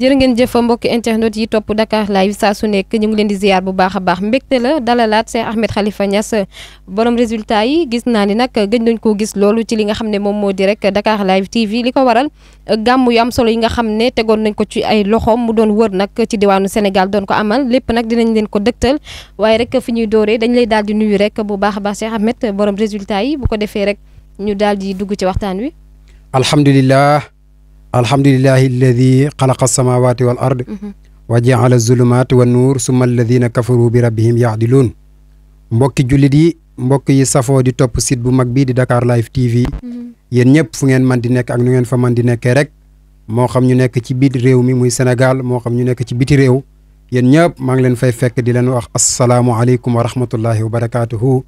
jërë ngeen jëf mbokk internet yi topp Dakar live saa su nekk ñu ngi leen di ziar bu baax a baax mbégte la dalalaat Cheikh Ahmed Khalifa Niass borom résultat yi gis naa ni nag gëj nañ koo gis loolu ci li nga xam ne moom moo di rek Dakar live TV li ko waral gàmm yu am solo yi nga xam ne tegoon nañ ko ci ay loxoom mu doon wër nag ci diwaanu Sénégal doon ko amal lépp nag dinañ leen ko dëgtal waaye rek fi ñuy dooree dañ lay daal di nuyu rek bu baax a baax Cheikh Ahmed borom résultat yi bu ko defee rek ñu daal di dugg ci waxtaan wi. alhamdulilah. alhamdulilahi alladi xalaqa alsamawati wal ard mm-hmm. wa jaala zulumaat wa nuur summa alladina kafaru bi rabbihim yaadiluun mbokki jullit yi mbokk yi safoo di topp site bu mag bii di Dakar Live TV mm-hmm. yen ñëpp fu ngeen man di nekk ak nu ngeen fa man di nekkee rek moo xam ñu nekk ci biir réew mi muy senegal moo xam ñu nekk ci biti réew yéen ñëpp maa ngi leen fay fekk di leen wax asalaamualeykum wa rahmatullahi wa barakaatuhu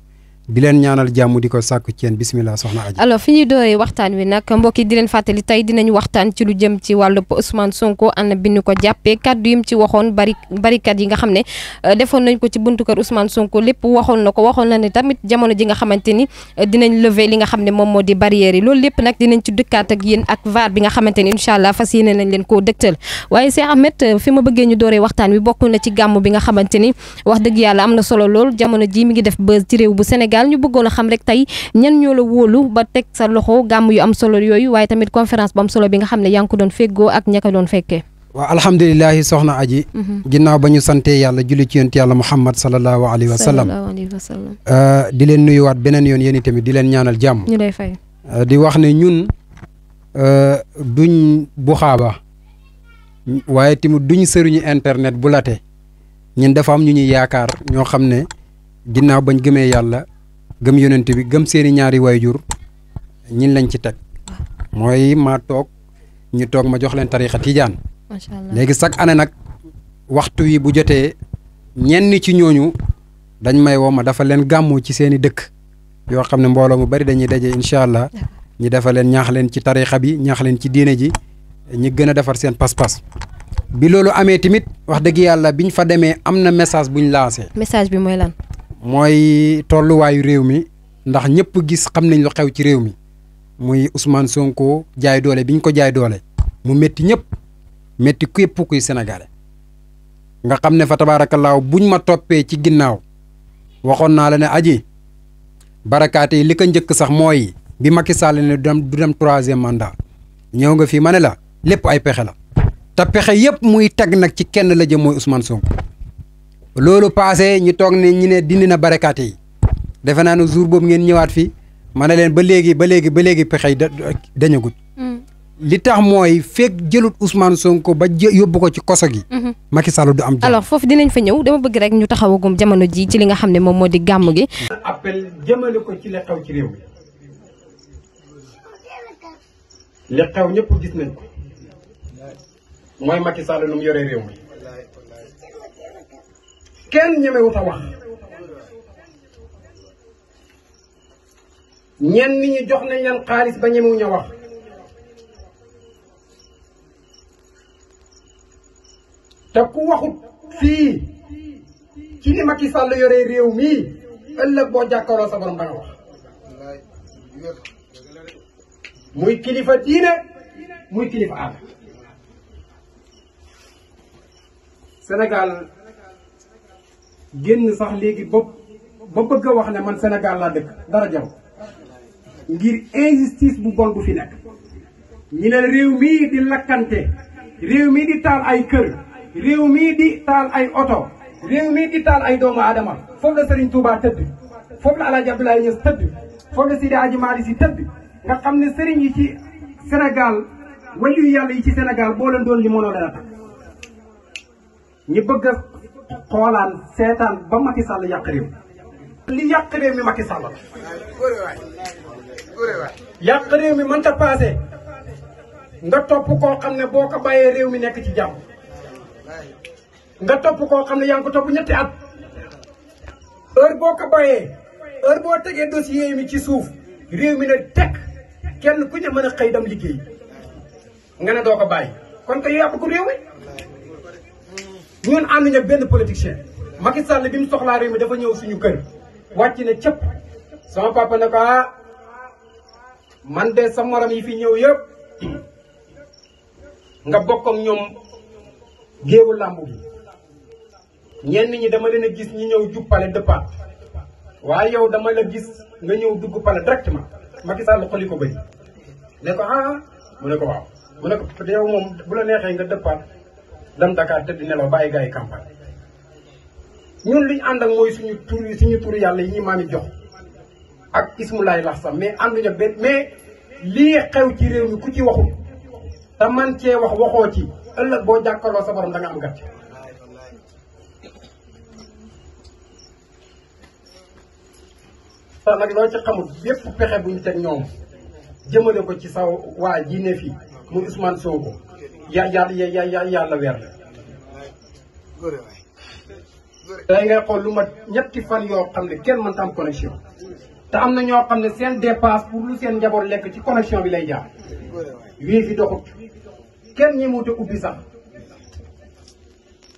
di leen ñaanal jàmm di ko sàkku ceen bisimilah soxna Aji. alors fi ñuy dooree waxtaan wi nag mbokk yi leen fàttali tey dinañ waxtaan ci lu jëm ci wàllub Ousmane Sonko ana bi ñu ko jàppee kaddu yi mu ci waxoon bari barikat yi nga xam ne euh, defoon nañ ko ci buntu kër Ousmane Sonko lépp waxoon na ko waxoon na ne tamit jamono ji nga xamante ni euh, dinañ lever li nga xam ne moom moo di barrières yi loolu lépp nag dinañ ci dëkkaat ak yéen ak VAR bi nga xamante ni incha allah fas yéene nañ leen koo dëgtal waaye euh, ma bëggee ñu dooree waxtaan wi bokk na ci gàmm bi nga xamante ni wax dëgg yàlla am na solo lool jamono ji mi ngi def buzz ci réew bu Sénégal Sénégal ñu bëggoon a xam rek tey ñan ñoo la wóolu ba teg sa loxo gàmm yu am solo yooyu waaye tamit conférence bu am solo bi nga xam ne yaa ngi ko doon feggoo ak ña ko doon fekkee. waaw alhamdulilahi soxna aji mhm. ginnaaw ba ñu santee yàlla julli ci yonent yàlla muhammad salallahu alayhi wa sallam euh, di leen waat beneen yoon yéen tamit di leen ñaanal jàmm ñu lay fay euh, di wax ne ñun euh, duñ bu xaaba waaye tamit duñ sëriñu internet bu late ñun dafa am ñu ñuy yaakaar ñoo xam ne ginnaaw bañ gëmee yàlla gëm yonent bi gëm seeni ñaari waajur ñin lañ ci teg mooy maa toog ñu toog ma jox leen tariixa tiijaan léegi chaque année nag waxtu wi bu jotee ñenn ci ñooñu dañ may woo ma dafa leen gàmmu ci seeni dëkk yoo xam ne mbooloo mu bari dañuy daje incha allah ñi dafa leen ñaax leen ci tariixa bi ñaax leen ci diine ji ñi gën a defar seen pas-pas bi loolu amee tamit wax dëgg yàlla bi ñu fa demee am na message buñ lancé. message bi mooy lan. mooy tolluwaayu réew mi ndax ñëpp gis xam nañ lu xew ci réew mi muy usmaan Sonko jaay doole bi ñu ko jaay doole mu métti ñëpp métti képp kuy sénégalais nga xam ne fa tabaarakallaaw buñ ma toppee ci ginnaaw waxoon naa la ne aji barakaate yi li ko njëkk sax mooy bi Macky Sall ne du dem du dem troisième mandat ñëw nga fii ma ne la lépp ay pexe la te pexe yëpp muy teg nag ci kenn la jëm mooy Ousmane sonk loolu passé ñi toog ne ñu ne dindi na barakaat yi defe naa ne jour boobu ngeen ñëwaat fii ma ne leen ba léegi ba léegi ba léegi pexe yi da dañagut mm. li tax mooy fekk jëlut usmaan Sonko ba yóbbu ko ci koso gi. Mm-hmm. Macky du am jàmm. alors foofu dinañ fa ñëw dama bëgg rek ñu taxawagum jamono ji ci li nga xam ne moom moo di gàmm gi. appel jëmale ko ci li xew ñëpp gis nañ ko kenn ñemewut a wax ñenn ñi jox nañ leen xaalis ba ñemewuñ a wax te waxut fii ci ni Macky Sall yore réew mii ëllëg boo jàkkaaroo sa borom nga wax muy kilifa diine muy kilifa aada Sénégal génn sax léegi ba ba bëgg wax ne man Sénégal laa dëkk dara jaw ngir injustice bu bon bu fi nekk ñu ne réew mii di lakkante réew mii di taal ay kër réew mii di taal ay oto réew mii di taal ay doomu aadama foofu la Serigne Touba tëdd foofu la El Hadj Abdoulaye Niass tëdd foofu la Sidi Hadji Malick tëdd nga xam ne Serigne ci Sénégal wàllu yàlla yi ci Sénégal boo leen doon li mënoo a takk ñi bëgg xoolaan seetaan ba Macky Sall yàq réew li yàq réew mi Macky Sall la yàq mi mënta paase nga topp koo xam ne boo ko bàyyee réew mi nekk ci jàmm nga topp koo xam ne yaa ngi ko topp ñetti at heure boo ko bàyyee heure boo tegee dossier mi ci suuf réew mi ne teg kenn ku ne mën a xëy dem liggéey nga ne doo ko bàyyi kon ko yaa bëgg réew mi bu ngeen ànduñu ak benn politicien Macky Sall bi mu soxlaa réew mi dafa ñëw suñu kër wàcc na cëpp sama papa ne ko ah man de sa morom yi fi ñëw yëpp nga bokk ñoom géewu làmb bi ñenn ñi dama leen gis ñu ñëw jub pale dëppaat waaye yow dama la gis nga ñëw dugg pale directement Macky Sall xoli ko bëri ne ko ah, ah mu ne ko waaw mu ne ko yow moom bu la neexee nga dëppaat dem Dakar tëdd nelaw bàyyi gars yi campagne ñun liñ ànd ak mooy suñu tur suñu tur yàlla yi ñu maam jox ak ismulaay lax sax mais ànduñu ak benn mais lii xew ci réew mi ku ci waxul te man cee wax waxoo ci ëllëg boo jàkkaarloo sa borom nga am gàcce sax nag loo ci xamul bépp pexe bu ñu teg ñoom jëmale ko ci saw waa ji fii mu Ousmane Sonko ya yàlla yàlla yàlla weer la. day ngay xool lu mat ñetti fan yoo xam ne kenn mënta am connexion. te am na ñoo xam ne seen dépasse pour lu seen njaboot lekk ci connexion bi lay jaar. wii fi doxut kenn ñi ubbi sax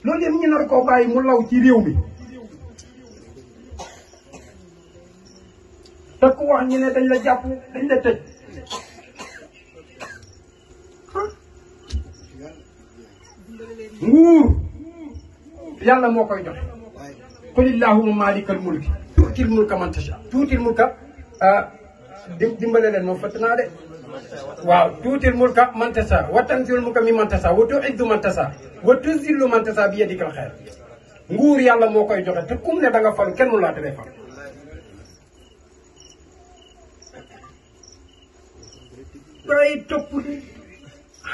loolu yëpp ñu nar koo bàyyi mu law ci réew mi. te ku wax ñu ne dañ la jàpp dañ la tëj. nguur yàlla moo koy joxe qul illahumma malikal mulki tuutil mulka man tasha tuutil ah, dimbale leen moom fëtt de waaw tuutil mulka man tasha wa tanzil mi man tasha wa tu'izzu man tasha wa tuzillu nguur yàlla moo koy joxe te kum ne da nga fal kenn tere fal day topp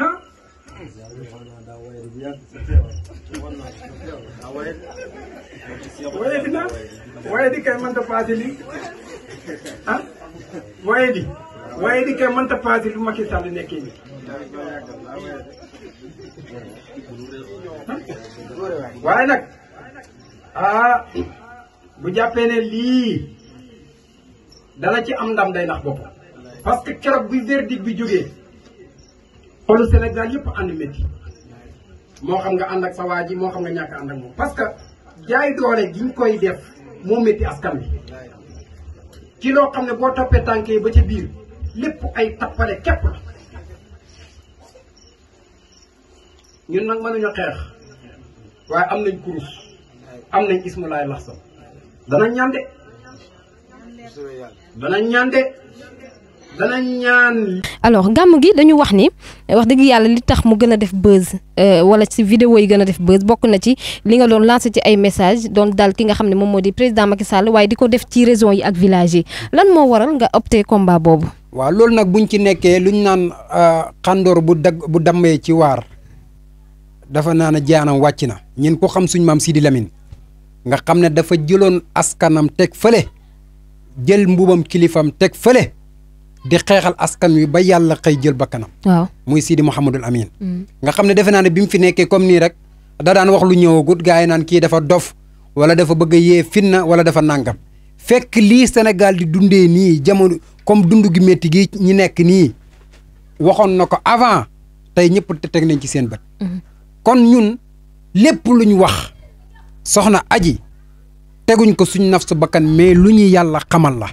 ah waaye di na ah, waaye di kay mënta paase lu Macky Sall waaye nag ah bu jàppee ne lii dana ci am ndam day nax bopp parce que keroog bu verdict bi jógee xolu Sénégal yëpp ànd métti moo xam nga ànd ak sa waa ji moo xam nga ñàkk ànd ak moom parce que jaay doole gi ñu koy def moo métti askan bi ci loo xam ne boo toppee tànk yi ba ci biir lépp ay tappale képp la ñun nag mënuñu xeex waaye am nañ kurus am nañ ismu laay laxsam dana ñande dana ñande ñaan. alors gàmm gi dañu wax ni wax dëgg yàlla li tax mu gën a def buzz euh, wala ci vidéo yi gën a def buzz bokk na ci li nga doon lancé ci ay message doon dal ki nga xam ne moom moo di président Macky Sall di ko def ci régions yi ak villages yi lan moo waral nga opté combat boobu. waaw loolu nag buñ ci nekkee lu ñu naan euh, xandoor bu dag bu dammee ci waar dafa naan a jaanam wàcc na ñun ko xam suñ maam di Lamine nga xam ne dafa jëloon askanam teg fële jël mbubam kilifam teg fële. di xeexal askan wi ba yàlla xëy jël bakkanam kanam. waaw muy Sidi Mouhamadul Amin. Mm. nga xam ne defe naa ne bi mu fi nekkee comme nii rek da daan wax lu ñëwagut gaa yi naan kii dafa dof wala dafa bëgg a yee finna wala dafa nàngam fekk lii senegal di dundee nii jamono comme dund gi métti gi ñi nekk nii waxoon na ko avant tey ñëpp te teg nañ ci seen bët. Mm-hmm. kon ñun lépp lu ñu wax soxna aji teguñ ko suñ naf su bakkan mais lu ñuy yàlla xamal la.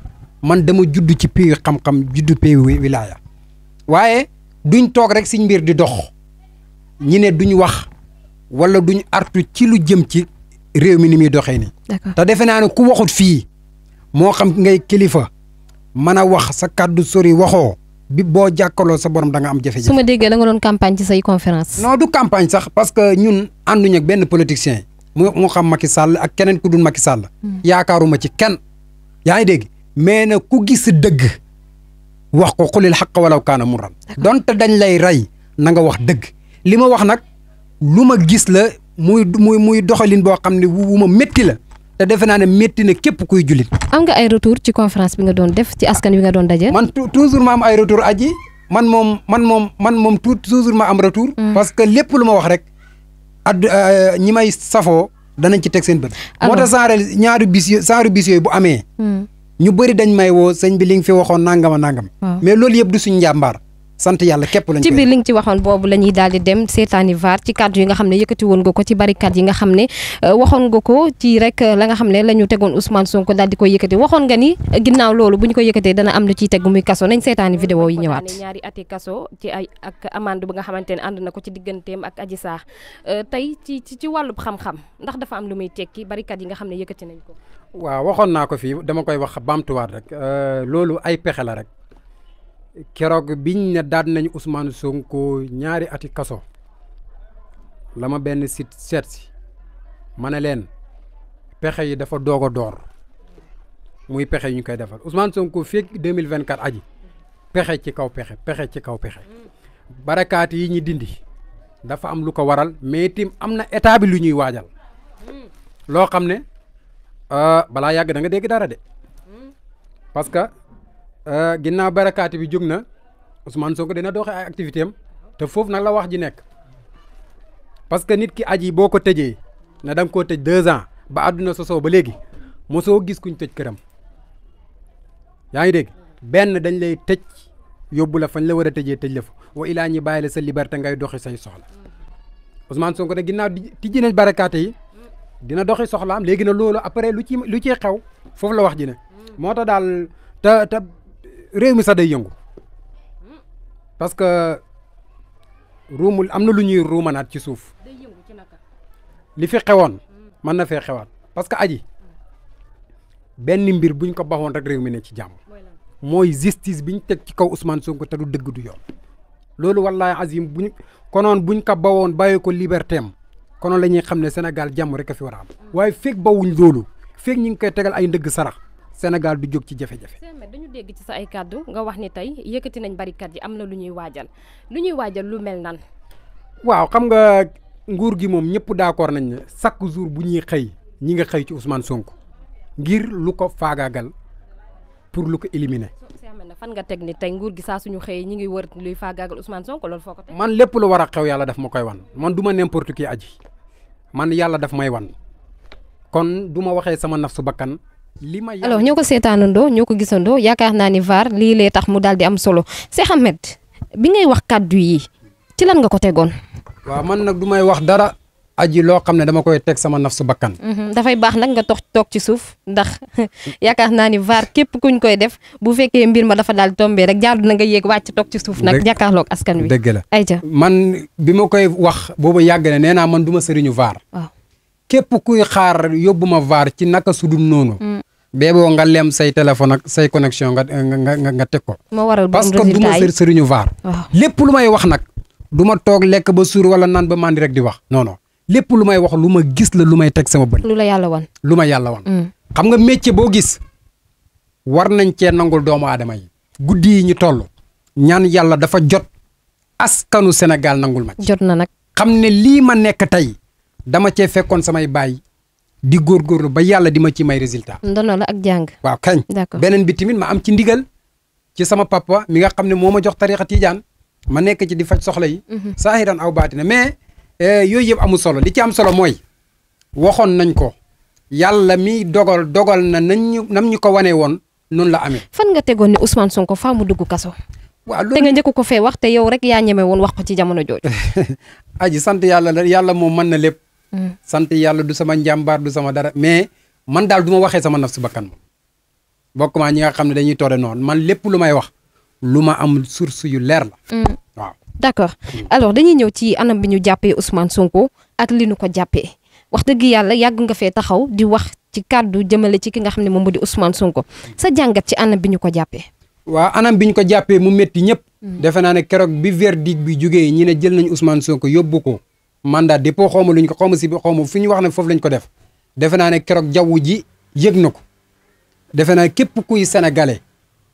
man dama judd ci pays xam-xam juddu pays wilaaya waaye duñ toog rek siñ mbir di dox ñi ne duñ wax wala duñ artu ci lu jëm ci réew mi ni muy doxee nii. te defe naa ne ku waxut fii moo xam ngay kilifa man a wax sa kàddu sori waxoo bi boo jàkkaloo sa borom da nga am jafe-jafe. su ma déggee da nga doon campagne ci say conférence. non campagne sax parce que ñun ànduñu ak benn politicien. mu mu xam Macky Sall ak keneen ku dul Macky Sall. Hmm. yaakaaruma ci kenn yaa ngi dégg. mais na ku gis dëgg wax ko xulil xaq walaw kaana murran donte dañ lay rey na nga wax dëgg li ma wax nag lu ma gis la muy muy muy doxalin boo xam ne wu ma métti la te defe naa ne métti na képp kuy jullit. am nga ay retour ci conférence bi nga doon def ci askan wi nga doon daje. man toujours ma am ay retour aji man moom man moom man moom toujours ma am mm. parce que lépp lu ma wax rek. ad euh, ñi may safoo danañ ci teg seen bët. moo tax ñaari bis yooyu bu amee. Mm. ñu bëri dañ may woo sëñ bi li nga fi waxoon nangama nangam. mais loolu yëpp du suñu njàmbaar. sant yàlla képp lañ ci biir li nga ci waxoon boobu la daal di dem seetaani vaar ci kàddu yi nga xam ne yëkkati woon nga ko ci barricade yi nga ne euh, waxoon nga ko ci rek euh, la nga xam ne la ñu tegoon Ousmane Sonko daal di koy yëkkati waxoon nga ni euh, ginnaaw loolu bu ñu ko yëkkatee dana am lu ciy tegu muy kaso nañ seetaani vidéo yi ñëwaat ñaari ati kaso ci ay ak amande bi nga xamante ne ànd ko ci digganteem ak Adji Sarr tey ci ci wàllub xam-xam ndax dafa am lu muy tekki barricade yi nga xam ne yëkkati nañ ko waaw waxoon naa ko fii dama koy wax baamtuwaat rek loolu ay pexe la rek keroog bi ñu ne daat nañu Ousmane Sonko ñaari ati kaso la ma benn sit seet si ma ne leen pexe yi dafa doog door muy pexe yu ñu koy defal Ousmane Sonko fekk 2024 aji pexe ci kaw pexe pexe ci kaw pexe barakaat yi ñi dindi dafa am lu ko waral mais tim am na état bi lu ñuy waajal loo xam ne euh, balaa yàgg da nga dégg dara de hmm. parce Euh, ginnaaw barakaati bi jóg na Ousmane Sonko dina doxe ay activité am te foofu nag la wax ji nekk parce que nit ki aj aji boo ko tëjee na da koo tëj deux ans ba àdduna sosoo ba léegi mosoo gis kuñ tëj këram yaa ngi dégg benn dañ lay tëj yóbbu la fañ la war a tëjee tëj la fa wa illaa ñi bàyyi la sa liberté ngay doxi say soxla Ousmane Sonko ne ginnaaw tijji nañ barakaate yi dina doxi soxlaam léegi na loolu après lu ci lu ciy xew foofu la wax ji ne moo tax daal te te réew mi sax day yëngu parce que ruumul am na lu ñuy ruumanaat ci suuf li fi xewoon mën na fee xewaat parce que aji benn mbir buñ ko baxoon rek réew mi ne ci jàmm mooy justice biñ teg ci kaw Ousmane Sonko te du dëgg du yoon loolu wallahi azim buñ konoon buñ ko bawoon bàyyi ko liberteem am konoon la ñuy xam ne Sénégal jàmm rek fi war a am mm. waaye feeg bawuñ loolu feeg ñi ngi koy tegal ay ndëgg sarax Sénégal du jóg ci jafe-jafe. dañu dégg ci sa ay kàddu nga wax ni tey yëkkati nañ barikat yi am na lu ñuy waajal lu ñuy waajal lu mel nan. waaw xam nga nguur gi moom ñëpp d'accord nañ ne chaque jour bu ñuy xëy ñi nga xëy ci Ousmane Sonko ngir lu ko faagaagal pour lu ko éliminer. fan nga teg ni tey nguur gi saa suñu xëyee ñi ngi wër luy faagaagal Ousmane Sonko loolu foo ko teg man lépp lu war a xew yàlla daf ma koy wan man du ma n'importe qui aji man yàlla daf may wan kon du waxee sama naf su bakkan alors ñoo ko seetaanandoo ñoo ko gisandoo yaakaar naa ni VAR lii lee tax mu daal di am solo Cheikh Ahmed bi ngay wax kàddu yi ci lan nga ko tegoon. waaw man nag du may wax dara. aji loo xam ne dama koy teg sama naf su bakkan mhm, dafay baax nag nga toog toog ci suuf ndax yaakaar naa ni vaar képp kuñ koy def bu fekkee mbir ma dafa daal tombee rek jaadu na nga yéeg wàcc toog ci suuf nag jàkkaarloog askan wi dëgg la ayca man bi ma koy wax boobu yàgg ne nee naa man du ma sëriñu vaar képp kuy xaar yóbbu ma vaar ci naka su noonu mhm. bee boo nga lem say téléphone ak say connexion nga nga nga teg ko. moo waral parce que du ma sëriñu vaar. lépp lu may wax nag du ma toog lekk ba suur wala naan ba màndi rek di wax. non lépp lu may wax lu ma gis la lu may teg sama bët. lu la yàlla wan lu ma yàlla wan. Mm. xam nga métier boo gis war nañ cee nangul doomu aadama yi. guddi yi ñu toll. ñaan yàlla dafa jot. askanu Sénégal nangul ma. jot na nag. xam ne lii ma nekk tey dama cee fekkoon samay baay di góorgóorlu ba yàlla di ma ci may résultat. ndono la ak jàng. waaw kañ. d'accord beneen bi tamit ma am ci ndigal ci sama papa mi nga xam ne moo ma jox tarixa tijaan ma nekk ci di faj soxla yi. Mhm. saahiran aw baatina mais eh, yooyu yëpp amul solo li ci am solo mooy waxoon nañ ko yàlla mi dogal dogal na nañ ñu nam ñu ko wane woon noonu la amee. fan nga tegoon ni Ousmane Sonko faa mu dugg kaso. waaw loolu te nga njëkk ko fee wax te yow rek yaa ñeme woon wax ko ci jamono jooju. aji sant yàlla la yàlla moom mën na lépp. sant yàlla du sama njàmbaar du sama dara mais man daal duma waxee sama nafsu bakkan moom bokk maa ñi nga xam ne dañuy toore noonu man lépp lu may wax lu ma am source yu leer la mm. waaw d'accord mm. alors dañuy ñëw ci anam bi ñu jàppee Ousmane Sonko ak li nu ko jàppee wax dëgg yàlla yàgg nga fee taxaw di wax ci kàddu jëmale ci ki nga xam ne moom moo di Ousmane Sonko sa jàngat ci anam bi ñu ko jàppee waaw anam bi ñu ko jàppee mu métti ñëpp mm. defe naa ne keroog bi verdict bi jógee ñi ne jël nañ usmaan Sonko yóbbu ko mandat dépôt xaw ma luñ ko xaw ma si xaw ma fi ñu wax ne foofu lañ ko def defe naa ne keroog jaww ji yëg na ko defe naa képp kuy senegale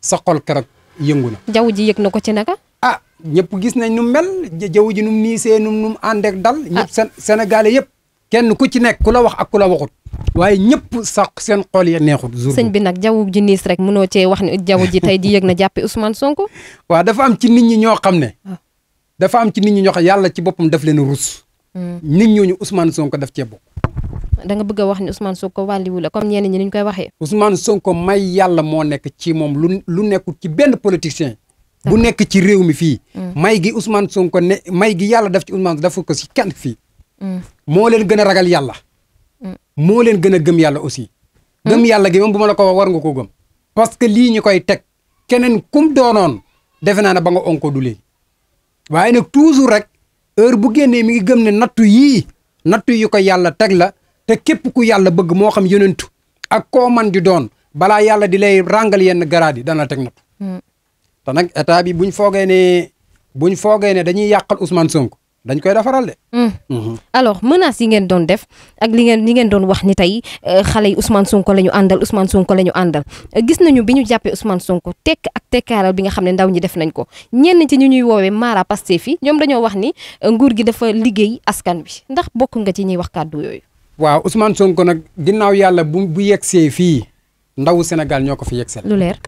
sa xol keroog yëngu na. jaww ji yëg na ko ci naka. ah ñëpp gis nañ nu mel jaww ji nu mu niisee nu mu ànd ak dal. Ah. ñëpp yëpp. kenn ku ci nekk ku la wax ak ku la waxut. waaye ñëpp sax seen xol ya neexut. jour sëñ bi nag jaww ji niis rek mënoo cee wax ne jaww ji tey di yëg na jàppee Ousmane Sonko. waaw dafa am ci nit ñoo xam ne. dafa am ci nit ñi ñoo xam ah. yàlla ci boppam daf leen rus. nit ñooñu Ousmane Sonko daf cee bokk. da nga bëgg a wax ni Ousmane Sonko wàlliwu la comme ñenn ñi ni ñu koy waxee. Ousmane Sonko may yàlla moo nekk ci moom lu lu nekkul ci benn politicien. bu nekk ci réew mi fii. Mm. may gi Ousmane Sonko ne may gi yàlla daf ci Ousmane dafa ko si kenn fii. Mm. moo leen gën a ragal yàlla. Mm. moo leen gën a gëm yàlla aussi. gëm yàlla gi moom bu ma la ko wax war nga ko gëm. parce que lii ñu koy teg keneen kum doonoon defe naa ne ba nga onko du léegi waaye nag toujours rek heure bu génnee mi ngi gëm ne nattu yii nattu yu ko yàlla teg la te képp ku yàlla bëgg moo xam yonentu ak ko man di doon balaa yàlla di lay ràngal yenn garaad yi dana teg nattu hmm. te nag état bi buñ foogee ne buñ foogee ne dañuy yàqal Ousmane Sonko dañ koy defaral de. Hmm. Mhm. alors menaces yi ngeen doon def ak li ngeen li ngeen doon wax ni tey eh, xale yi Ousmane Sonko la ñu àndal Ousmane Sonko la ñu àndal gis nañu bi ñu jàppee Ousmane Sonko tekk ak tekkaaral bi nga xam ne ndaw ñi def nañ ko ñenn ci ñu ñuy woowee Mara Pastef yi ñoom dañoo wax ni eh, nguur gi dafa liggéey askan bi ndax bokk nga ci ñuy wax kàddu yooyu. waaw Ousmane Sonko nag ginnaaw yàlla bu bu yegsee fii ndawu Sénégal ñoo ko fi yegsee. lu leer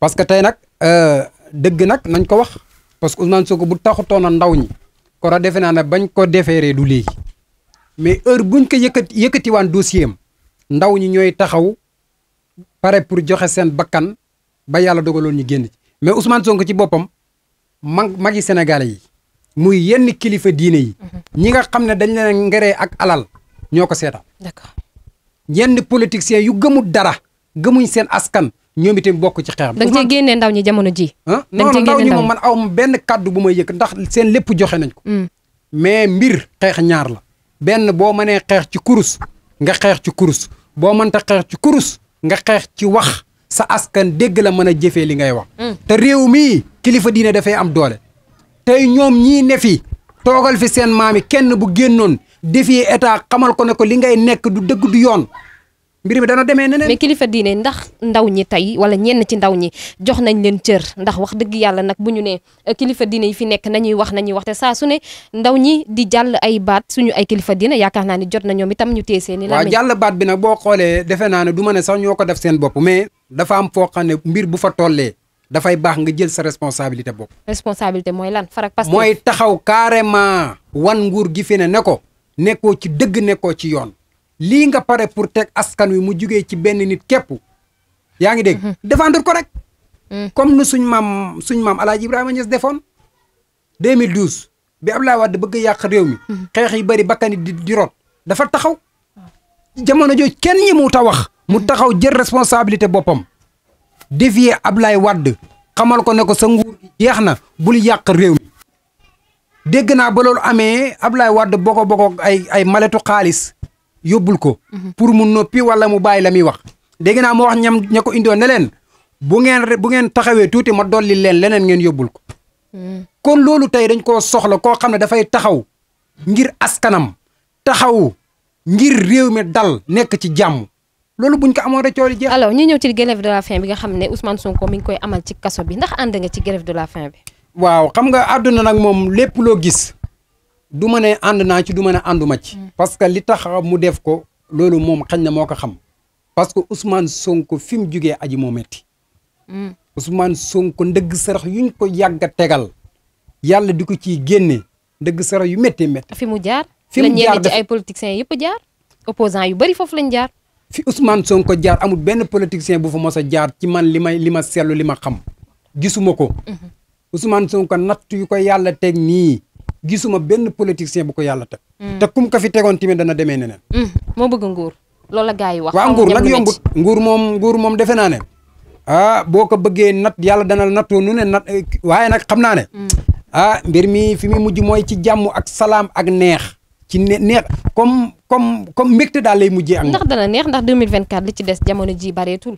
parce que tey nag eh, dëgg nag nañ ko wax parce que Ousmane Sonko bu taxutoon na ndaw ñi koro defe naa ne bañ ko ree du léegi mais heure buñ ko yëkkati yëkkatiwaan dossier am ndaw ñi ñooy taxaw pare pour joxe seen bakkan ba yàlla dogaloon ñu génn ci mais soo Sonko ci boppam mag magi Sénégalais yi muy yenn kilifa diine yi. Mhm. ñi nga xam ne dañ leen ngeree ak alal ñoo ko seetaan. yenn politiciens yu gëmul dara gëmuñ seen askan ñoom itam bokk ci xeex bi. da nga cee ndaw ñi jamono ji. da ah nga cee génne ndaw ñi moom man aw ma benn kàddu bu may yëkk ndax seen lépp joxe nañ ko. Mm. mais mbir xeex ñaar la. benn boo mënee xeex ci kurus nga xeex ci kurus boo mënta xeex ci kurus nga xeex ci wax sa askan dégg la mën a jëfee li ngay wax. Mm. te réew mi kilifa diine dafay am doole. tey ñoom ñii ne fi toogal fi seen maam yi kenn bu génnoon defee état xamal ko ne ko li ngay nekk du dégg du yoon mbir mi dana demee neneen mais kilifa diine ndax ndaw ñi tey wala ñenn ci ndaw ñi jox nañ leen cër ndax wax dëgg yàlla nag bu ñu ne eh, kilifa diine yi fi nekk nañuy wax nañuy wax te saa su ne ndaw ñi di jàll ay baat suñu ay kilifa diine yaakaar naa ni jot na ñoom itam ñu teesee ni la waaw jàll baat bi nag boo xoolee defe naa ne du ma ne sax ñoo ko def seen bopp mais dafa am foo xam ne mbir bu fa tollee dafay baax nga jël sa responsabilité bopp responsabilité mooy lan farak parce que mooy taxaw carrément wan nguur gi fi ne ne ko nekkoo ci dëgg nekkoo ci yoon lii nga pare pour teg askan wi mu jugee ci benn nit képp yaa ngi dégg. Mm-hmm. défendre ko rek. Mm. comme nu suñ maam suñ maam El Hadj Ibrahima Niass defoon 2012 bi Abdoulaye Wade bëgg yàq réew mi. Mm-hmm. xeex yi bari bakkan yi di root dafa taxaw. Ah. jamono jooju kenn ñi mu ta wax. mu mm-hmm. taxaw jël responsabilité boppam. défier ablaay Wade xamal ko ne ko sa nguur yeex na bul yàq réew mi. dégg naa ba loolu amee Abdoulaye Wade boko boko ay ay maletu xaalis. yóbbul ko. Mhm. pour mu noppi wala mu bàyyi la muy wax. dégg naa moo wax ñam ña ko indoon ne bu ngeen bu ngeen taxawee tuuti ma dolli leen leneen ngeen yóbbul ko. Mhm. kon loolu tey dañ koo soxla koo xam ne dafay taxaw ngir askanam taxaw ngir réew mi dal nekk ci jàmm. loolu buñ ko amoon rek ji jeex. ñu ñëw ci grève de bi nga xam ne Ousmane ko mi ñu koy amal ci kaso bi ndax ànd nga ci grève de la faim bi. waaw xam nga àdduna nag moom lépp loo gis du ma ne ànd naa ci du ma ne ànduma ci. Mm. parce que li tax mu def ko loolu moom xañ na moo ko xam parce que Ousmane Sonko fi mu jugee aji moo metti mm. Ousmane Sonko ndëgg sarax yuñ ko yàgg a tegal yàlla di ko ciy génne ndëgg sarax yu méttee méttee. fi mu jaar fi mu jaar ci ay politiciens yëpp jaar. opposants yu bari foofu lañ jaar. fi Ousmane Sonko jaar amul benn politicien bu fa mos a jaar ci man li may li ma seetlu li ma xam gisuma ko. Mm-hmm. Ousmane Sonko natt yu ko yàlla teg nii. gisuma benn politicien bu ko yàlla teg. Mm. te kum ko fi tegoon tamit dana demee neneen. Mm. moo bëgg nguur loolu la yi wax. waaw nguur nag yombut nguur moom nguur moom defe naa ne. ah boo ko bëggee nat yàlla dana la nattoo nu ne nat eh, waaye nag xam naa ne. Mm. ah mbir mi fi mu mujj mooy ci jàmm ak salaam ak neex. ci neex comme comme comme mbégte daal lay mujjee. ak ndax dana neex ndax 2024 li ci des jamono ji bareetul.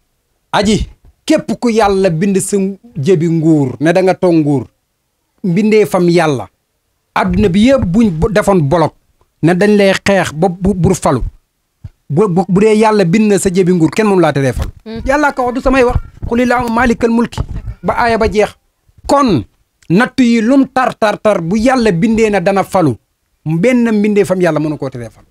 aji képp ku yàlla bind sa jëbi nguur ne da nga toog nguur mbindee fam yàlla. adduna bi yëpp buñ defoon bolog ne dañ lay xeex ba bur falu bu bu dee yàlla bind na sa jëbi nguur kenn moom laa teree falu mm. yàllaa ko wax du samay wax xulillaahu maalikal ba aaya ba jeex kon natt yi lum tar tar tar bu yàlla bindee na dana falu benn mbindee fam yàlla mënu koo teree falu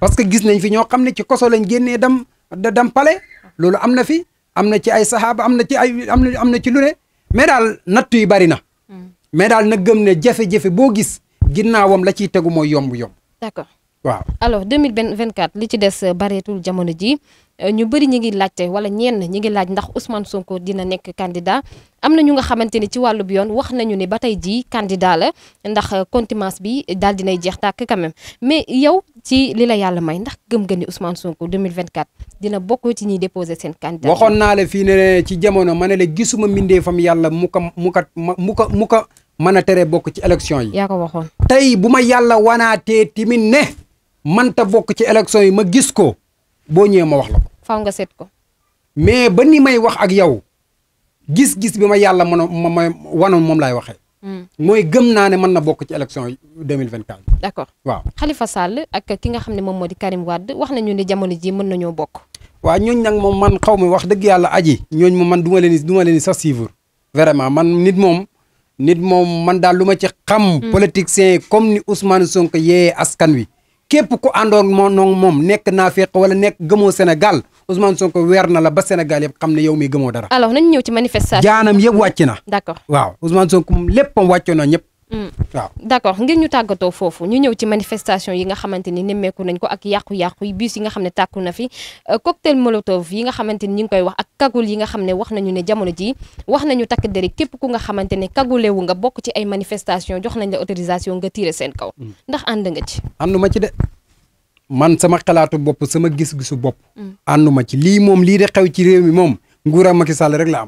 parce que gis nañ fi ñoo xam ne ci koso lañ génnee dam dam pale loolu am na fi am na ci ay saxaaba am na ci ay am na am na ci lu ne mais daal natt yi bari na mais daal na gëm ne jafe-jafe boo gis ginnaawam la ciy tegu mooy yomb-yomb. d'accord waaw alors 2024 li ci des euh, bareetul jamono ji euh, ñu bëri ñu ngi laajte wala ñenn ñi ngi laaj ndax Ousmane Sonko dina nekk candidat am na ñu nga xamante ni ci wàllu bi yoon wax nañu ni ba tey jii candidat la ndax euh, contumace bi daal dinay jeex tàkk quand même mais yow ci li la yàlla may ndax gëm nga ni Ousmane Sonko 2024 dina bokk ci ñuy déposer seen candidat. waxoon naa la fii ne ci jamono ma ne la gisuma mbindeefam yàlla mu ko mu ko mu ko mu ko mën a tere bokk ci élection yi. yaa ko waxoon tey bu ma yàlla wanaatee tamit ne manta bokk ci élection yi ma gis ko boo ñëwee ma wax la ko. faaw nga seet ko. mais ba ni may wax ak yow gis-gis bi ma yàlla ma a ma ma wanoon moom laay waxee. Hmm. mooy gëm naa ne mën na bokk ci élection yi 2024. d' accord waaw Khalifa Sall ak ki nga xam ne moom moo di Karim Wade wax nañu ni jamono ji mën nañoo bokk. waa ñooñ nag moom man xaw ma wax dëgg yàlla aji. ñooñ moom man du ma leen du ma leen sax suivre. vraiment man nit moom. nit moom man daal lu ma ci xam. Mm. politiciens comme ni Ousmane Sonko yee askan wi. képp ku àndoon moom moom nekk naafeq wala nekk gëmoo Sénégal Ousmane Sonko weer na la ba senegal yëpp xam ne yow mi gëmoo dara. alors nañu ñëw ci manifestation. jaanam yëpp wàcc na. d'accord waaw Ousmane Sonko léppam wàccoon na ñëpp. Mm. waaw d'accord ngir ñu tàggatoo foofu ñu ñëw ci manifestation yi nga xamante ni nemmeeku nañ ko ak yàqu-yàqu yi bus yi nga xam ne tàkku na fi euh, cocktail molotov yi nga xamante ni ñu ngi koy wax ak kagul yi nga xam ne wax nañu ne jamono ji wax nañu takk dere képp ku nga xamante ne kagulewu nga bokk ci ay manifestation jox nañ la autorisation nga tiire seen kaw mm. ndax ànd nga ci ma ci de man sama xalaatu bopp sama gis-gisu bopp mm. ma ci lii moom lii de xew ci réew mi moom nguuram Macky Sall rek la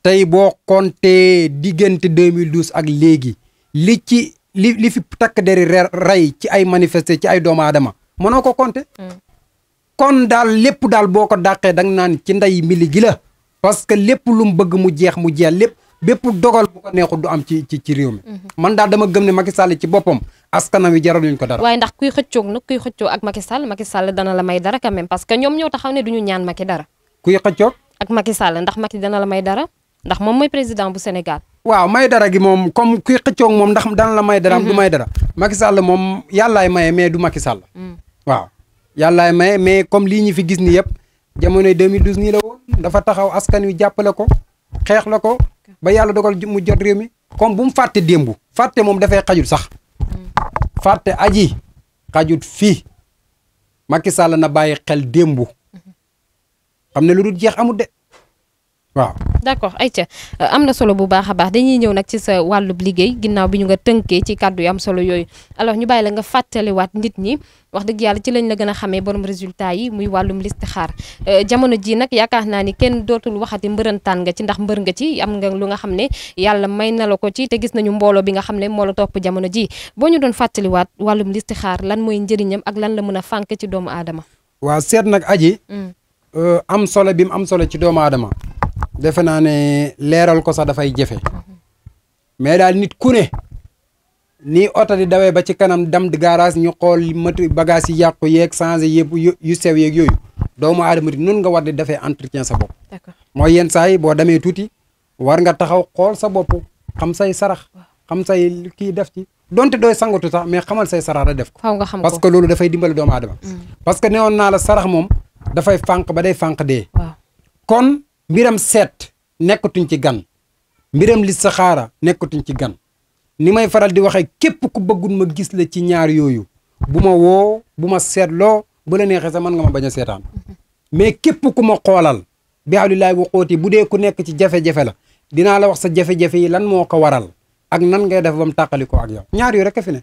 tey boo compter diggante 2012 ak léegi li ci li li fi takk deri rey ci ay manifester ci ay doomu aadama mënoo ko compter. Hmm. kon daal lépp daal boo ko dàqee dang nga naan ci ndey mili gi la. parce que lépp lu mu bëgg mu jeex mu jeex lépp bépp dogal bu ko neexul du am ci ci ci réew mi. Hmm. man daal dama gëm ne Macky Sall ci boppam askanam wi jaral ñu ko dara. waaye ndax kuy xëccoog nag kuy xëccoo ak Macky Sall Macky Sall dana la may dara quand même parce que ñoom ñoo taxaw ne du ñu ñaan Macky dara. kuy xëccoog. ak Macky Sall ndax Macky dana la may dara. ndax moom mooy président bu Sénégal. waaw may dara gi moom comme kuy xëccoog moom ndax daan la may daraam du mhm. may dara. Macky Sall moom yàllaay maye mais du Macky Sall. Mhm. waaw yàllaay maye mais comme lii ñu fi gis ni yëpp jamonoy 2012 nii la woon dafa taxaw askan wi jàppale ko xeex la ko ba yàlla dogal mu jot réew mi comme bu mu fàtte démb fàtte moom dafay xajul sax mhm. fàtte aji xajut fii Macky Sall na bàyyi xel démb xam ne lu dul jeex amut de. waaw ay ayca euh, am na solo bu baax a baax dañuy ñëw nag ci sa wàllub liggéey ginnaaw bi ñu nga tënkee ci kàddu yu am solo yooyu alors ñu bàyyi la nga fàttaliwaat nit ñi wax dëgg ci lañ la gën a xamee borom résultat yi muy wàllum listixaar euh, jamono ji nag yaakaar naa ni kenn dootul waxati mbërëntaan nga ci ndax mbër nga ci am nga lu nga xam ne yàlla may na la ko ci te gis nañu mbooloo bi nga xam ne moo la topp jamono ji boo ñu doon fàttaliwaat wàllum listixaar lan mooy njëriñam ak lan la mën a fànk ci doomu aadama waaw seet nag aji mm. euh, am solo bi mu am solo ci doomu adama defe naa ne leeral ko sax dafay jefe mais daal nit ku ne nii oto di dawee ba ci kanam dam di garage ñu xool matu bagage yi yàqu yeeg changé yëpp yu sew yeeg yooyu doomu adama di nun nga war di defee entretien sa bopp mooy yenn saa yi boo demee tuuti war nga taxaw xool sa bopp xam say sarax xam say kii def ci donte dooy sangatu sax mais xamal say sarax da def ko parce que loolu dafay dimbali doomu aadama mm. parce que newoon naa la sarax moom dafay fànq ba day fànq dee mbiram seet nekkatuñ ci gan mbiram li saxaara nekkatuñ ci gan ni may faral di waxee képp ku bëggul ma gis la ci ñaar yooyu bu ma woo bu ma seetloo bu la neexee sa mën nga ma bañ a seetaan mais képp ku ma xoolal bi hawlillaahi wa quwwati bu dee ku nekk ci jafe-jafe la dinaa la wax sa jafe-jafe yi lan moo ko waral ak nan ngay def ba mu ko ak yow ñaar rek a fi ne.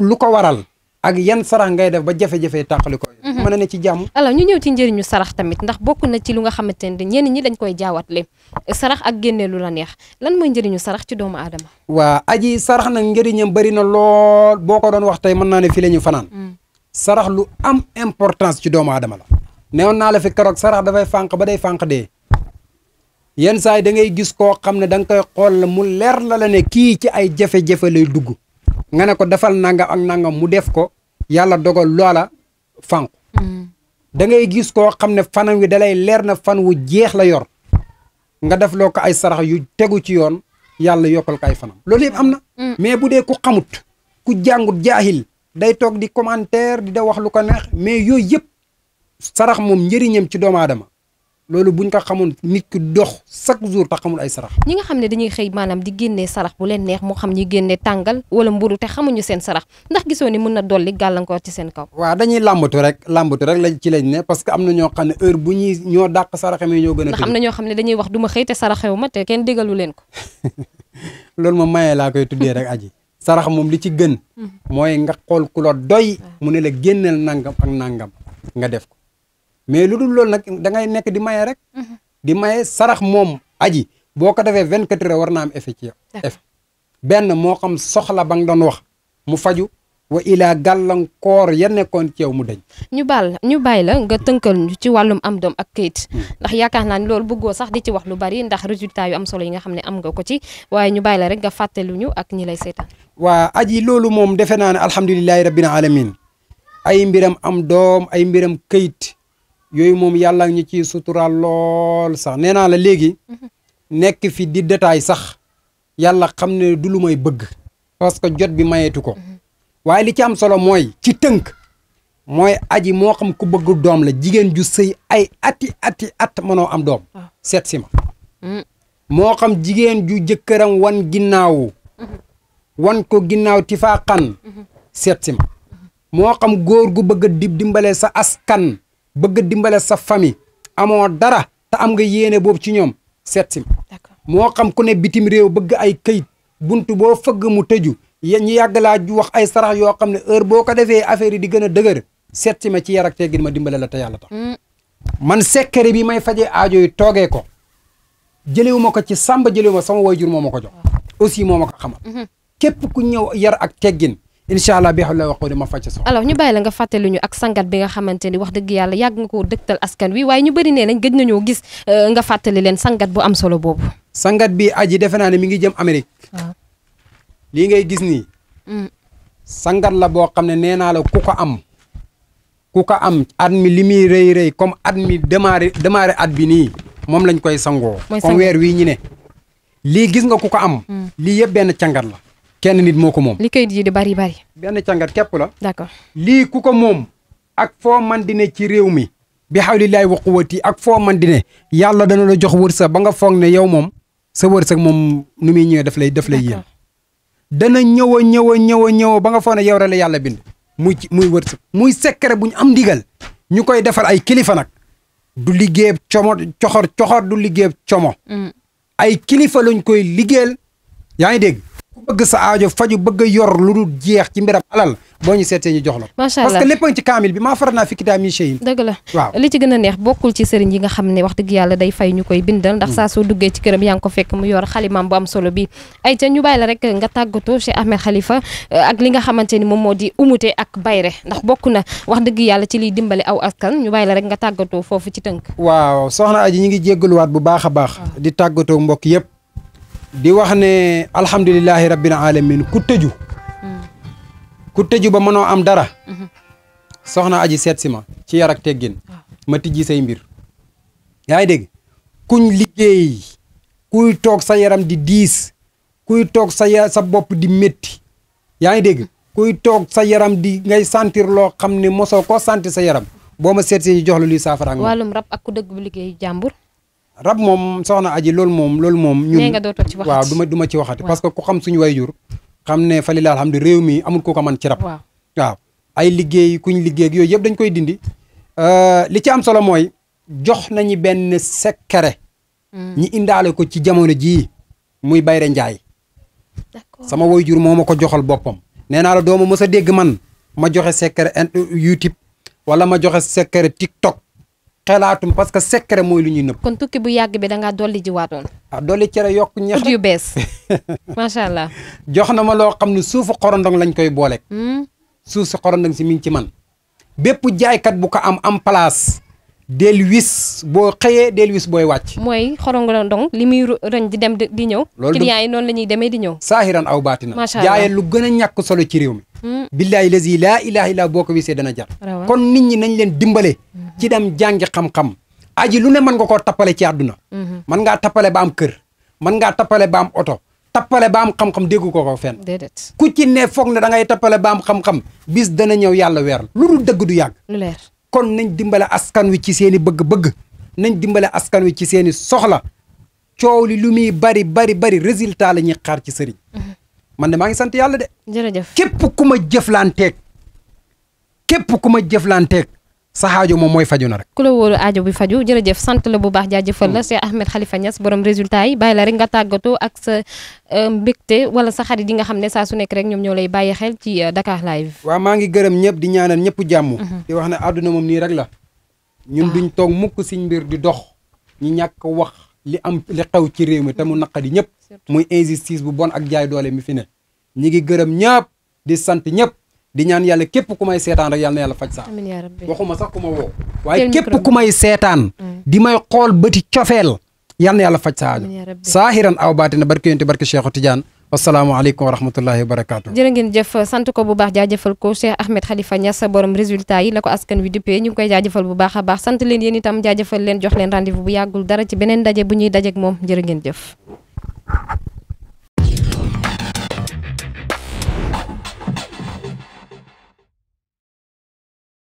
lu ko waral ak yan sarax ngay def ba jafe-jafe yi ko mën na ne ci jàmm alors ñu ñëw ci njëriñu sarax tamit ndax bokk na ci lu nga xamante ne ñenn ñi dañ koy jaawatle sarax ak génnee lu la neex lan mooy njëriñu sarax ci doomu aadama waa aji sarax nag njëriñam bëri na lool boo ko doon wax tey mën naa ne fii la fanaan mm. sarax lu am importance ci doomu aadama la neewoon naa la fi keroog sarax dafay fànq ba day fànq dee yenn saa yi da ngay gis koo xam ne danga koy xool la mu leer la la ne kii ci ay jafe-jafe lay dugg nga ne ko defal nangam ak nangam mu def ko yàlla dogal loola da ngay gis koo xam ne fanam wi dalay leer na fan wu jeex la yor nga def loo ko ay sarax yu tegu ci yoon yàlla yokkal ko ay fanam loolu yëpp am na mm. mais bu dee ku xamut ku jàngut jaahil day toog di commentaire di da wax lu ko neex mais yooyu yëpp sarax moom njëriñam ci doomu aadama loolu buñ ko xamoon nit ki dox chaque jour te xamul ay sarax ñi nga xam ne dañuy xëy maanaam di génnee sarax bu leen neex moo xam ñi génnee tàngal wala mburu te xamuñu seen sarax ndax gisoo ni mën na dolli gàllankoor ci seen kaw waaw dañuy làmbatu rek làmbatu rek lañ ci lañ ne parce que am na ñoo xam ne heure bu ñuy ñoo dàq saraxe mi ñoo gën am na ñoo xam ne dañuy wax du ma xëy te saraxewu ma te kenn digalu leen ko loolu moom mayee laa koy tuddee rek aji sarax moom li ci gën mm. mooy nga xool ku doy mu ne la génneel nangam ak nangam nga def ko mais lu dul loolu nag da ngay nekk di maye rek. Mhm. di maye sarax moom aji boo ko defee vint quatre heures war naa am effet ci yow. effet benn moo xam soxla ba nga doon wax mu faju wa ilaa gàllankoor ya nekkoon ci yow mu dañ. ñu baal ñu bàyyi la nga tënkal ci wàllum am doom ak kayit hmm. ndax yaakaar naa ni loolu bëggoo sax di ci wax lu bari ndax résultat yu am solo yi nga xam ne am nga ko ci waaye ñu bàyyi la rek nga fàttali ñu ak ñi lay seetaan. waa aji loolu moom defe naa ne alhamdulilahi rabbil alamin ay mbiram am doom ay mbiram kayit yooyu moom yàlla ñu ci suturaal lool sax nee naa la léegi nekk fi di détail sax yàlla xam ne du lu may bëgg parce que jot bi mayeetu ko waaye li ci am solo mooy ci tënk mooy aji moo xam ku bëgg doom la jigéen ju sëy ay ati ati at mënoo am doom seet ma mm. moo xam jigéen ju jëkkëram wan ginnaaw mm-hmm. wan ko ginnaaw ti faa mm-hmm. ma mm-hmm. moo xam góor gu bëgg dib dimbale sa askan bëgg dimbale sa famille amoo dara te am nga yéene boobu ci ñoom seet si moo xam ku ne bitim réew bëgg ay këyit buntu boo fëgg mu tëju ñu yàgg laa wax ay sarax yoo xam ne heure boo ko defee affaire yi di gën a dëgër seet ma ci yar ak teggin ma dimbale la te yàlla tax mm. man sekkere bi may faje aajo yi toogee ko jëlewu ma ko ci sàmba jëlewu ma sama wayjur moo ma ko jox aussi moo ma ko xamal mm-hmm. képp ku ñëw yar ak teggin incha allah bi xawla wa quwwata ma fàcc sax alors ñu bàyyi la nga fàttali ñu ak sangat bi nga xamante ni wax dëgg yàlla yàgg nga ko dëgtal askan wi waaye ñu bëri nee nañ gëj nañoo gis euh, nga fàttali leen sangat bu am solo boobu sangat bi aji defe naa ne mi ngi jëm Amérique ah. lii ngay gis nii mm. sangat la boo xam ne nee naa la ku ko am ku ko am at mi li muy rëy rëy comme at mi démarré at bi nii moom lañ koy sangoo comme weer wii ñu ne lii gis nga ku ko am mm. lii yëpp benn cangat la kenn nit moo ko moom. li kayit yi di bari bari. benn càngat kepp la. d'accord lii ku ko moom. ak foo man di ci réew mi. bi xawlillahi wa quwwati ak foo man di ne. yàlla dana la jox wërsëg ba nga foog ne yow moom. sa wërsëg moom nu muy ñëwee daf lay daf lay yéen. dana ñëw a ñëw ñëw a ba nga foog ne yow rek la yàlla bind. muy muy wërsëg muy secret bu ñu am ndigal. ñu koy defal ay kilifa nag. du liggéeyab como coxor coxor du liggéeyab como. Mm. ay kilifa lañ koy liggéeyal. yaa ngi dégg. bëgg sa aajo faju bëgg yor lu dul jeex ci mbiram alal boo ñu seet ñu jox la. macha allah parce que lépp ci kaamil bi maa faral naa fi kitaab yi nga xam ne wax dëgg yàlla day fay ñu koy bindal ndax mm. saa soo duggee ci këram yaa ngi ko fekk mu yor xalimaam bu am solo bi la rek nga tàggatoo Cheikh Ahmed Khalifa euh, ak li nga xamante ni moom moo di umute ak bayre ndax bokk na wax dëgg yàlla ci liy dimbali aw askan ñu bàyyi la rek nga tàggatoo foofu ci tënk waaw soxna aji ñi ngi waat bu baax a baax ah. di taggatoo mbokk yépp di wax ne alhamdulilahi rabbil alamin ku tëju mm. ku tëju ba mënoo am dara mm-hmm. soxna aji seet si ma ci yar ak teggin ma tijji say mbir yaa ngi dégg kuñ liggéey kuy toog sa yaram di diis kuy toog sa ya sa bopp di métti yaa ngi dégg kuy toog sa yaram di ngay sentir loo xam ne mosoo koo sentir sa yaram boo ma seet si ñu jox la luy saafara. wàllum rab ak ku dëgg bu liggéeyu jàmbur. rab moom soxna aji loolu moom loolu moom. ñun nga dootoo ci waxati waaw du ma du ma ci waxati. parce que ku xam suñu wayjur xam ne fa lilaal xam ne réew mi amul koo ko mën ci rab. waaw ay liggéey kuñ liggéey ak yooyu yëpp dañ koy dindi. Euh, li ci am solo mooy jox nañu benn secret. Mm. ñi indaale ko ci jamono jii muy Bayre Njaay. sama wayjur moo ma ko joxal boppam. nee naa la doomu mës a dégg man ma joxe secret YouTube wala ma joxe secret TikTok. xelaatum parce que secret mooy lu ñuy nëbb. kon tukki bu yàgg bi da ngaa dolli jiwaatoon. ah dolli cere yokk ñeex yu bees macha allah. jox na ma loo xam ne suufu xorondong lañ koy boole. Hmm? suuf si xorondong si mi ngi ci man bépp jaaykat bu ko am am place. del wis boo xëyee del wis booy wàcc. mooy xorongolo ndong li muy rëñ di dem di ñëw. loolu clients yi noonu la ñuy demee di ñëw. saahiran aw baatina. macha lu gën a ñàkk solo ci mi. Hmm. billahi lazi laa ilaha illa boo ko wisee dana jar. kon nit nañ leen dimbale. Hmm. ci dem jàngi xam-xam. aji lu ne mën nga koo tappale ci àdduna. Hmm. mën ngaa tappale ba am kër. mën ngaa tappale ba am oto. tappale ba am xam-xam ko ko fenn. déedéet ku ci ne foog ne da ngay tappale ba am xam-xam bis dana ñëw yàlla weer lu du yàgg. lu kon nañ dimbale askan wi ci seen i bëgg-bëgg nañ dimbale askan wi ci seen i soxla coow li lu muy bari bari bari résultat la ñuy xaar ci sëriñ. Mm-hmm. man de maa ngi sant yàlla de. jërëjëf képp ku ma jëflanteeg. képp ku ma jëflanteeg. sa aajo moom mooy faju na rek ku la wóolu ajo bi faju jërëjëf sant la bu baax jaajëfal la mm. Cheikh Ahmed xalifa ñas borom résultat yi bàyyi la rek nga tàggatoo ak sa euh, mbégte wala sa xarit yi nga xam ne saa su nekk rek ñoom ñoo lay bàyyi xel ci euh, Dakar live waa maa ngi gërëm ñëpp di ñaanal ñëpp jàmm mm-hmm. wax ne àdduna moom rek la ñun ah. duñ toog mukk siñ mbir di dox ñu ñàkk wax li am li xew ci réew mi te mu naqadi ñëpp muy injustice bu bon ak jaay doole mi fi ne ñi ngi gërëm ñëpp di sant ñëpp di ñaan yàlla képp ku may seetaan rek yàlla na faj sax waxuma sax ku ma woo ku may seetaan mm. di may xool bëti cofeel yàlla na yàlla faj saajo saahiran aw baatina barke yonte barke Cheikhu Tidiane asalaamaaleykum wa rahmatullahi wa barakaatu. jërë ngeen jëf sant ko bu baax jaajëfal ko Cheikh Ahmed Khalifa Niass borom résultat yi la ko askan wi duppee ñu koy jaajafal bu baax a baax sant leen yéen itam jaajëfal leen jox leen rendez-vous bu yàggul dara ci beneen daje bu ñuy dajeek moom jërë ngeen jëf